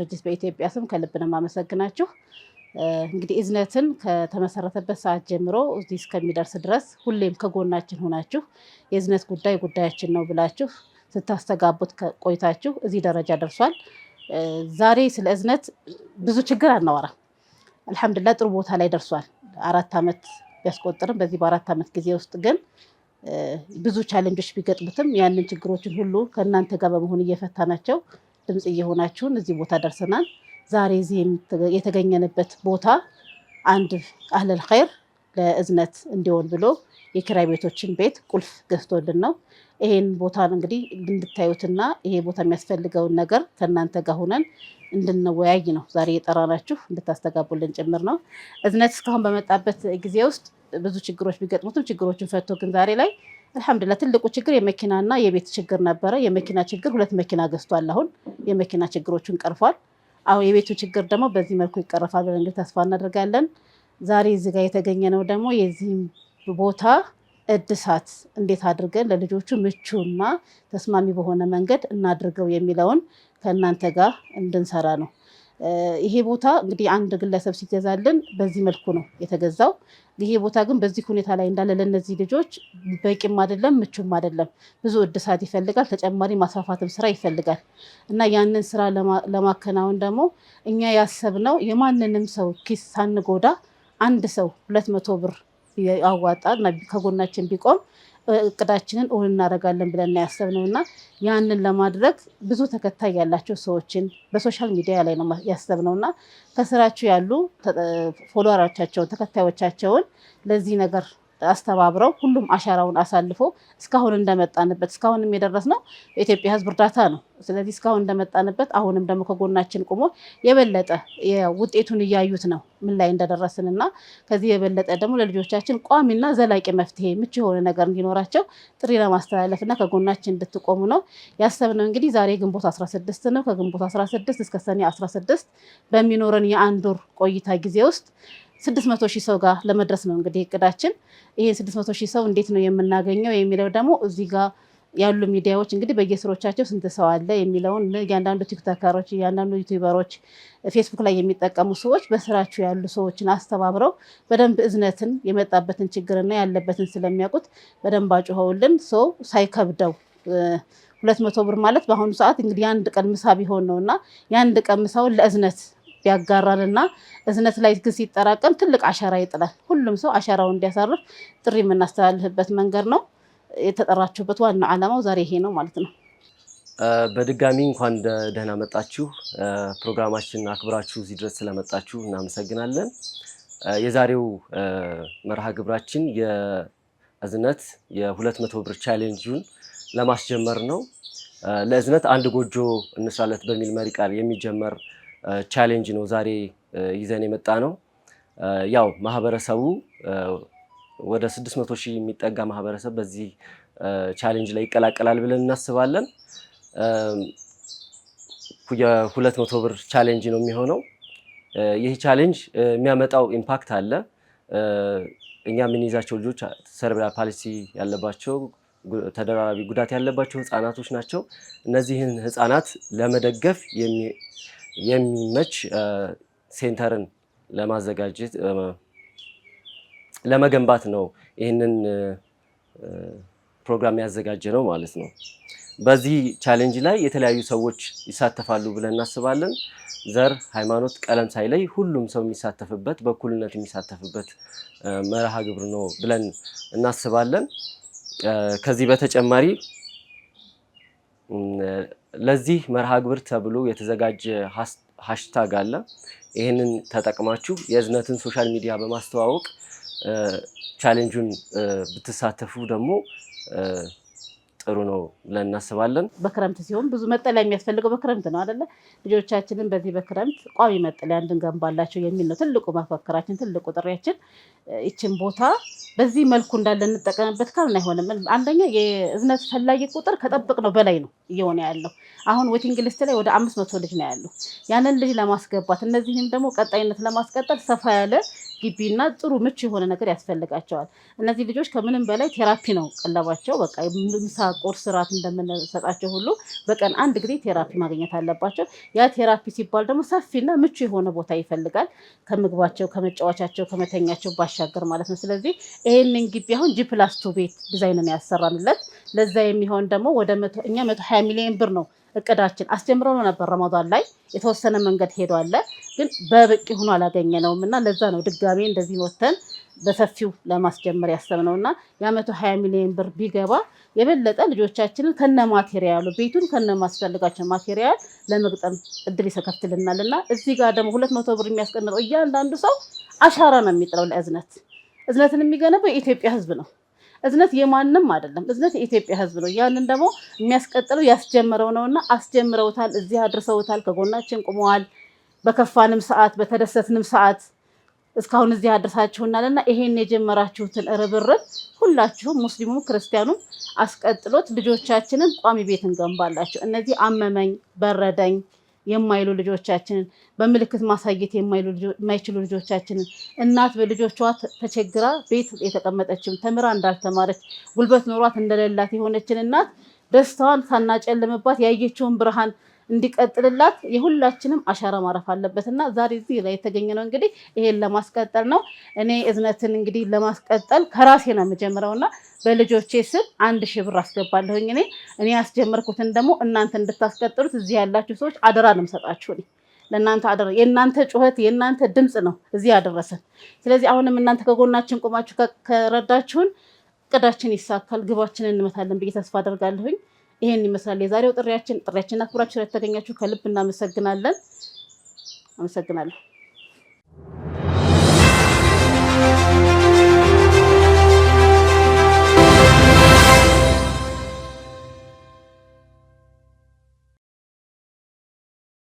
ድርጅት በኢትዮጵያ ስም ከልብ ነው የማመሰግናችሁ። እንግዲህ እዝነትን ከተመሰረተበት ሰዓት ጀምሮ እዚህ እስከሚደርስ ድረስ ሁሌም ከጎናችን ሆናችሁ የእዝነት ጉዳይ ጉዳያችን ነው ብላችሁ ስታስተጋቡት ቆይታችሁ እዚህ ደረጃ ደርሷል። ዛሬ ስለ እዝነት ብዙ ችግር አናወራም። አልሐምዱላ ጥሩ ቦታ ላይ ደርሷል። አራት ዓመት ቢያስቆጥርም በዚህ በአራት ዓመት ጊዜ ውስጥ ግን ብዙ ቻለንጆች ቢገጥሙትም ያንን ችግሮችን ሁሉ ከእናንተ ጋር በመሆን እየፈታ ናቸው ድምፅ እየሆናችሁን እዚህ ቦታ ደርሰናል። ዛሬ እዚህ የተገኘንበት ቦታ አንድ አህለል ኸይር ለእዝነት እንዲሆን ብሎ የኪራይ ቤቶችን ቤት ቁልፍ ገዝቶልን ነው። ይሄን ቦታ እንግዲህ እንድታዩትና ይሄ ቦታ የሚያስፈልገውን ነገር ከእናንተ ጋር ሁነን እንድንወያይ ነው ዛሬ የጠራናችሁ፣ እንድታስተጋቡልን ጭምር ነው። እዝነት እስካሁን በመጣበት ጊዜ ውስጥ ብዙ ችግሮች ቢገጥሙትም ችግሮችን ፈቶ ግን ዛሬ ላይ አልሐምዱሊላህ ትልቁ ችግር የመኪናና የቤት ችግር ነበረ። የመኪና ችግር ሁለት መኪና ገዝቷል። አሁን የመኪና ችግሮቹን ቀርፏል። አሁን የቤቱ ችግር ደግሞ በዚህ መልኩ ይቀረፋል ብለን እንግዲህ ተስፋ እናደርጋለን። ዛሬ እዚህ ጋር የተገኘ ነው ደግሞ የዚህ ቦታ እድሳት እንዴት አድርገን ለልጆቹ ምቹና ተስማሚ በሆነ መንገድ እናድርገው የሚለውን ከእናንተ ጋር እንድንሰራ ነው። ይሄ ቦታ እንግዲህ አንድ ግለሰብ ሲገዛልን በዚህ መልኩ ነው የተገዛው። ይሄ ቦታ ግን በዚህ ሁኔታ ላይ እንዳለ ለእነዚህ ልጆች በቂም አይደለም፣ ምቹም አይደለም። ብዙ እድሳት ይፈልጋል፣ ተጨማሪ ማስፋፋትም ስራ ይፈልጋል እና ያንን ስራ ለማከናወን ደግሞ እኛ ያሰብነው የማንንም ሰው ኪስ ሳንጎዳ አንድ ሰው ሁለት መቶ ብር ያዋጣ እና ከጎናችን ቢቆም እቅዳችንን እውን እናደርጋለን ብለን ያሰብነው እና ያንን ለማድረግ ብዙ ተከታይ ያላቸው ሰዎችን በሶሻል ሚዲያ ላይ ነው ያሰብነው እና ከስራችሁ ያሉ ፎሎወሮቻቸውን ተከታዮቻቸውን ለዚህ ነገር አስተባብረው ሁሉም አሻራውን አሳልፎ እስካሁን እንደመጣንበት እስካሁንም የደረስነው የኢትዮጵያ ሕዝብ እርዳታ ነው። ስለዚህ እስካሁን እንደመጣንበት አሁንም ደግሞ ከጎናችን ቆሞ የበለጠ ውጤቱን እያዩት ነው ምን ላይ እንደደረስን እና ከዚህ የበለጠ ደግሞ ለልጆቻችን ቋሚና ዘላቂ መፍትሄ ምቹ የሆነ ነገር እንዲኖራቸው ጥሪ ለማስተላለፍ እና ከጎናችን እንድትቆሙ ነው ያሰብነው። እንግዲህ ዛሬ ግንቦት 16 ነው። ከግንቦት 16 እስከ ሰኔ 16 በሚኖረን የአንድ ወር ቆይታ ጊዜ ውስጥ ስድስት መቶ ሺህ ሰው ጋር ለመድረስ ነው እንግዲህ እቅዳችን። ይህን ስድስት መቶ ሺህ ሰው እንዴት ነው የምናገኘው የሚለው ደግሞ እዚህ ጋር ያሉ ሚዲያዎች እንግዲህ በየስሮቻቸው ስንት ሰው አለ የሚለውን እያንዳንዱ ቲክቶከሮች፣ እያንዳንዱ ዩቱበሮች፣ ፌስቡክ ላይ የሚጠቀሙ ሰዎች በስራቸው ያሉ ሰዎችን አስተባብረው በደንብ እዝነትን የመጣበትን ችግርና ያለበትን ስለሚያውቁት በደንብ አጩኸውልን ሰው ሳይከብደው ሁለት መቶ ብር ማለት በአሁኑ ሰዓት እንግዲህ የአንድ ቀን ምሳ ቢሆን ነው እና የአንድ ቀን ምሳውን ለእዝነት ቢያጋራን እና እዝነት ላይ ግን ሲጠራቀም ትልቅ አሻራ ይጥላል። ሁሉም ሰው አሻራውን እንዲያሳርፍ ጥሪ የምናስተላልፍበት መንገድ ነው። የተጠራችሁበት ዋና ዓላማው ዛሬ ይሄ ነው ማለት ነው። በድጋሚ እንኳን ደህና መጣችሁ። ፕሮግራማችን አክብራችሁ እዚህ ድረስ ስለመጣችሁ እናመሰግናለን። የዛሬው መርሃ ግብራችን የእዝነት የ200 ብር ቻሌንጁን ለማስጀመር ነው። ለእዝነት አንድ ጎጆ እንስራለት በሚል መሪ ቃል የሚጀመር ቻሌንጅ ነው ዛሬ ይዘን የመጣ ነው። ያው ማህበረሰቡ ወደ 600 ሺህ የሚጠጋ ማህበረሰብ በዚህ ቻሌንጅ ላይ ይቀላቀላል ብለን እናስባለን። የሁለት መቶ ብር ቻሌንጅ ነው የሚሆነው። ይህ ቻሌንጅ የሚያመጣው ኢምፓክት አለ። እኛ የምንይዛቸው ልጆች ሴሬብራል ፓሊሲ ያለባቸው፣ ተደራራቢ ጉዳት ያለባቸው ህፃናቶች ናቸው። እነዚህን ህፃናት ለመደገፍ የሚመች ሴንተርን ለማዘጋጀት ለመገንባት ነው ይህንን ፕሮግራም ያዘጋጀ ነው ማለት ነው። በዚህ ቻሌንጅ ላይ የተለያዩ ሰዎች ይሳተፋሉ ብለን እናስባለን። ዘር፣ ሃይማኖት፣ ቀለም ሳይለይ ሁሉም ሰው የሚሳተፍበት በእኩልነት የሚሳተፍበት መርሃ ግብር ነው ብለን እናስባለን። ከዚህ በተጨማሪ ለዚህ መርሃ ግብር ተብሎ የተዘጋጀ ሀሽታግ አለ። ይህንን ተጠቅማችሁ የእዝነትን ሶሻል ሚዲያ በማስተዋወቅ ቻሌንጁን ብትሳተፉ ደግሞ ጥሩ ነው ብለን እናስባለን። በክረምት ሲሆን ብዙ መጠለያ የሚያስፈልገው በክረምት ነው አደለ? ልጆቻችንን በዚህ በክረምት ቋሚ መጠለያ እንድንገንባላቸው የሚል ነው ትልቁ መፈክራችን፣ ትልቁ ጥሪያችን። ይችን ቦታ በዚህ መልኩ እንዳለ እንጠቀምበት ካልን አይሆንም። አንደኛ የእዝነት ፈላጊ ቁጥር ከጠበቅነው በላይ ነው እየሆነ ያለው። አሁን ዌቲንግ ሊስት ላይ ወደ አምስት መቶ ልጅ ነው ያለው። ያንን ልጅ ለማስገባት እነዚህም ደግሞ ቀጣይነት ለማስቀጠል ሰፋ ያለ ግቢና ጥሩ ምቹ የሆነ ነገር ያስፈልጋቸዋል። እነዚህ ልጆች ከምንም በላይ ቴራፒ ነው ቀለባቸው። በቃ ምሳ፣ ቁርስ፣ ራት እንደምንሰጣቸው ሁሉ በቀን አንድ ጊዜ ቴራፒ ማግኘት አለባቸው። ያ ቴራፒ ሲባል ደግሞ ሰፊና ምቹ የሆነ ቦታ ይፈልጋል። ከምግባቸው፣ ከመጫወቻቸው፣ ከመተኛቸው ባሻገር ማለት ነው። ስለዚህ ይህንን ግቢ አሁን ጂፕላስቱ ቤት ዲዛይን ነው ያሰራንለት ለዛ የሚሆን ደግሞ ወደ እኛ መቶ ሀያ ሚሊዮን ብር ነው እቅዳችን አስጀምረ ነው ነበር ረመዳን ላይ የተወሰነ መንገድ ሄዶ አለ ግን በበቂ ሆኖ አላገኘነውም እና ለዛ ነው ድጋሜ እንደዚህ ወተን በሰፊው ለማስጀመር ያሰብነው እና የአመቱ ሀያ ሚሊዮን ብር ቢገባ የበለጠ ልጆቻችንን ከነ ማቴሪያሉ ቤቱን ከነ ማስፈልጋቸው ማቴሪያል ለመግጠም እድል ይሰከፍትልናል እና እዚህ ጋር ደግሞ ሁለት መቶ ብር የሚያስቀምጠው እያንዳንዱ ሰው አሻራ ነው የሚጥለው ለእዝነት እዝነትን የሚገነበው የኢትዮጵያ ህዝብ ነው እዝነት የማንም አይደለም። እዝነት የኢትዮጵያ ህዝብ ነው። ያንን ደግሞ የሚያስቀጥለው ያስጀምረው ነውና አስጀምረውታል። እዚህ አድርሰውታል። ከጎናችን ቁመዋል። በከፋንም ሰዓት በተደሰትንም ሰዓት እስካሁን እዚህ አድርሳችሁናል እና ይሄን የጀመራችሁትን ርብርብ ሁላችሁም ሙስሊሙ፣ ክርስቲያኑም አስቀጥሎት ልጆቻችንን ቋሚ ቤት እንገንባላቸው። እነዚህ አመመኝ በረደኝ የማይሉ ልጆቻችንን በምልክት ማሳየት የማይችሉ ልጆቻችንን እናት በልጆቿ ተቸግራ ቤት የተቀመጠችም ተምራ እንዳልተማረች ጉልበት ኖሯት እንደሌላት የሆነችን እናት ደስታዋን ሳናጨልምባት ያየችውን ብርሃን እንዲቀጥልላት የሁላችንም አሻራ ማረፍ አለበት እና ዛሬ እዚህ ላይ የተገኘ ነው እንግዲህ ይሄን ለማስቀጠል ነው። እኔ እዝነትን እንግዲህ ለማስቀጠል ከራሴ ነው የምጀምረው እና በልጆቼ ስም አንድ ሺህ ብር አስገባለሁኝ። እኔ እኔ ያስጀመርኩትን ደግሞ እናንተ እንድታስቀጥሉት እዚህ ያላችሁ ሰዎች አደራ ነው የምሰጣችሁ ለእናንተ አደራ፣ የእናንተ ጩኸት የእናንተ ድምፅ ነው እዚህ ያደረሰን። ስለዚህ አሁንም እናንተ ከጎናችን ቆማችሁ ከረዳችሁን እቅዳችን ይሳካል፣ ግባችንን እንመታለን ብዬ ተስፋ አደርጋለሁኝ። ይሄን ይመስላል የዛሬው ጥሪያችን። ጥሪያችን አክብራችሁ ስለተገኛችሁ ከልብ እናመሰግናለን። አመሰግናለሁ።